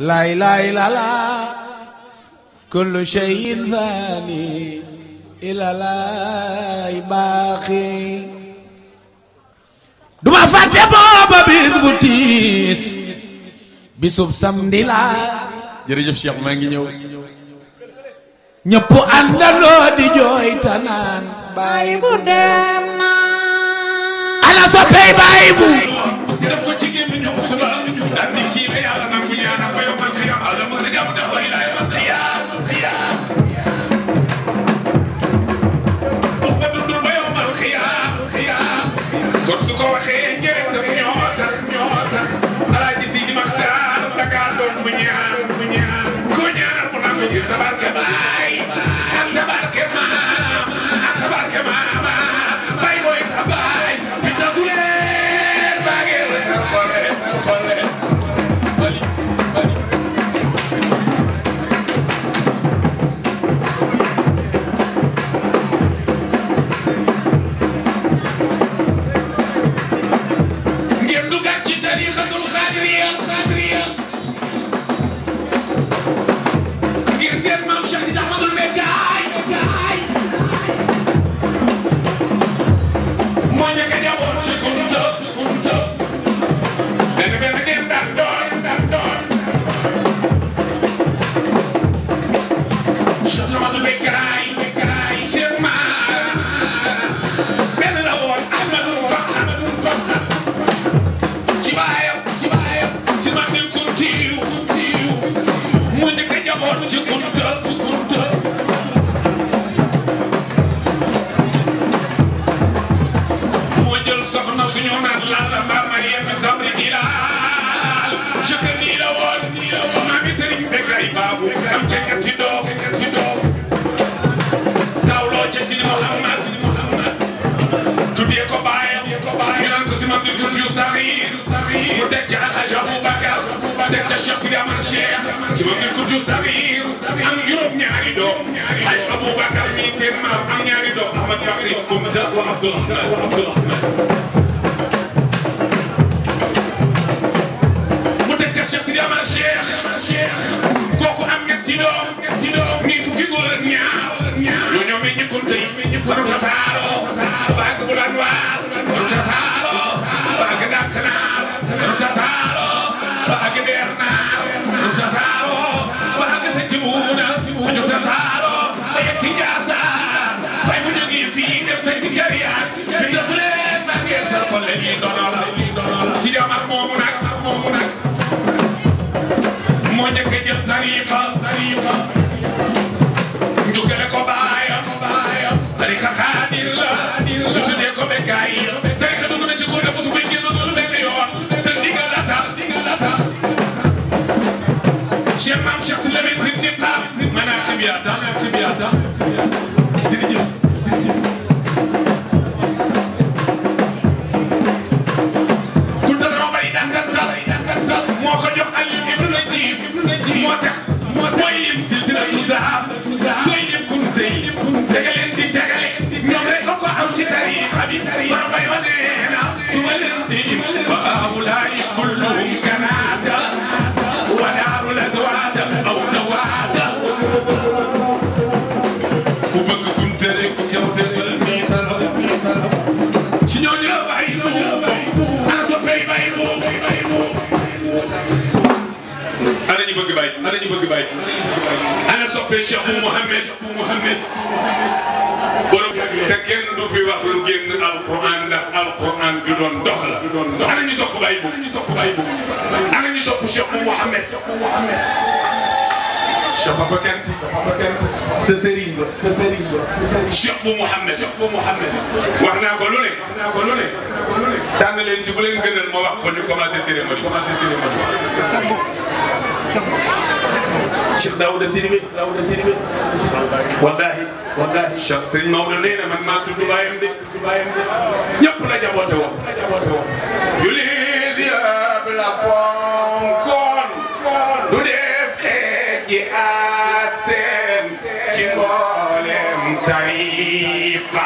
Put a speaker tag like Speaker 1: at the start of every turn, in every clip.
Speaker 1: لا إله إلا لا كل شيء فاني إلا لا باقي duma fàtte booba bis bu tiis bisub samedi laa jërëjëf Cheikh maa ngi ñëw ñëpp àndandoo di jooy tanaan bàyyi bu dem naa ana soppey bàyyi bu It's about to goodbye. am ca ñetti doom ñetti doom tawloo ca Sidi Mouhamad tuddee ko baayam ñu naan ko si Mame Abdou Kounta Sakhir mu teg ca Alhaji Aboubacar teg ca Cheikh Sidi Amar Cheikh si Mame Abdou Kounta Sakhir am juróom ñaari doom Alhaji Aboubacar mi seen maam am ñaari doom Ahmad Fakri Kounta wa Abdoul Ahmad بغي باي انا ني بغي باي انا صوبي شيخ محمد محمد تكين دو في واخ لو ген القران دا القران دي دون دوخلا انا ني صوب باي بو انا ني صوب شيخ محمد محمد شباب كانت شباب كانت سيرينغ سيرينغ شيخ محمد شيخ محمد وحنا قالوا لي وحنا قالوا لي تان لين جي بولين گنال ما واخ كو ني كوماسي سيرينغ كوماسي سيرينغ Cheikh Daouda Sidibé Daouda Sidibé wallahi wallahi Cheikh Serigne Maodo nee na man maa tudd baayam de tudd baayam de ñëpp la jaboote woon la jaboote woon julit ya du def xeet ji ak seen ci mboolem tariqa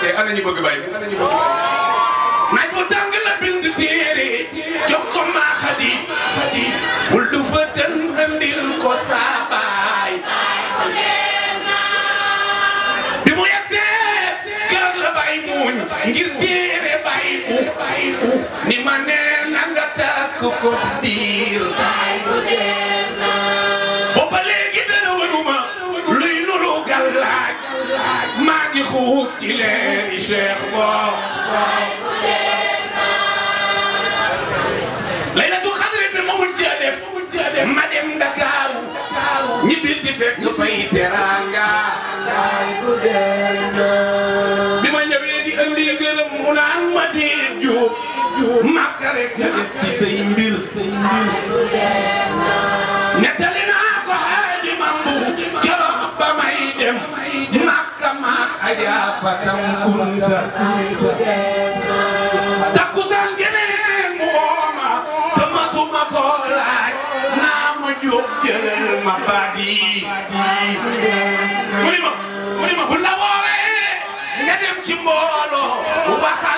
Speaker 1: te ana ñu bëgg bàyyi ana ñu bëgg bàyyi. jox ko maa xadi xadi bul du fa tën andil ko saa baay. bi mu kër la bay muuñ ngir téere bay bu ni ma nee na nga ko. ñu fay teranga laay bu dellu bi ma ñëwee di andi gërëm mu naan ma di juub juub màkka rek nga des say mbir say mbir naa ko xaaji mambu keroog ba may dem màkka maak ajaa fatam kunta jóg jëlal ma baadi mu ni mu ni ma bu la woowee nga dem ci mbooloo waxal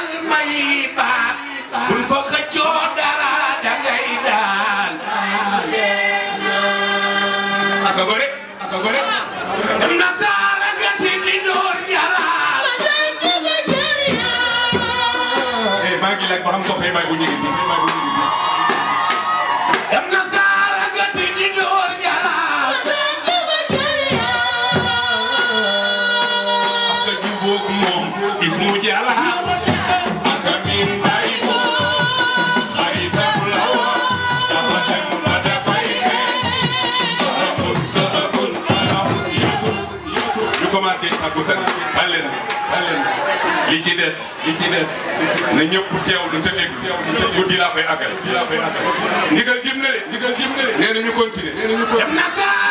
Speaker 1: ci takku sax allen allen li ci des li ci des na ñëpp teewlu te dégg guddi laa koy àggale. guddi laa koy àggale ndigal jëm na de ndigal jëm na de. nee ñu continuer nee